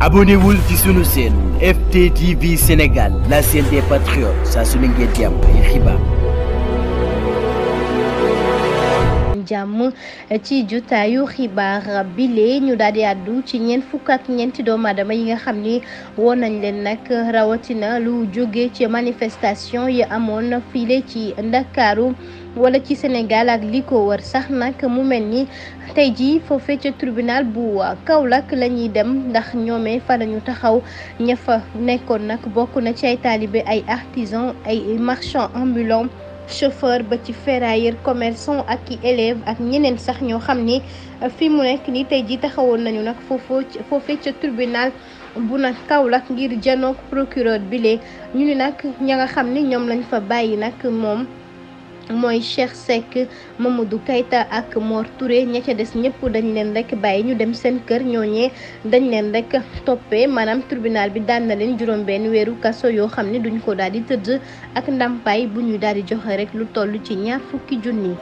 abonnez-vous ci sunu chaîne FTTV Sénégal la chaîne des patriotes Ça, se ne ngeen jàmm ci jotaayu xibaar bile ñu daal àddu ci ñeent fukk ñeenti doomadama yi nga xam ni woon nañ leen nag rawatina lu jóge ci manifestation yi amoon file ci Ndakaaru wala ci Sénégal ak li ko wër sax nag mu mel ni tey jii foofee ca tribunal bu Kaolack la lañuy dem ndax ñoomee fa lañu taxaw ña fa nekkoon nag bokk na ci ay taalibe ay artisan ay marchand ambulant chauffeur ba ci ferrailleur commerçant ak i élèves ak ñeneen sax ñoo xam ni euh, fi mu nekk nii tey ji taxawoon nañu nag foofoo foofee ca tribunal bu nag Kaolack ngir janook procureur bile ñu ni nag ña nga xam ni ñoom lañ fa bàyyi nag moom mooy Cheikh Seck Mamadou Keita ak Mor ture ña ca des ñëpp dañ leen rek bàyyi ñu dem seen kër ñooñee dañ leen rek toppee maanaam tribunal bi daan na leen juróom benn weeru kaso yoo xam ne duñu ko daal di tëdd ak ndàmpaay bu ñuy daal di joxe rek lu toll ci ñaar fukki junni.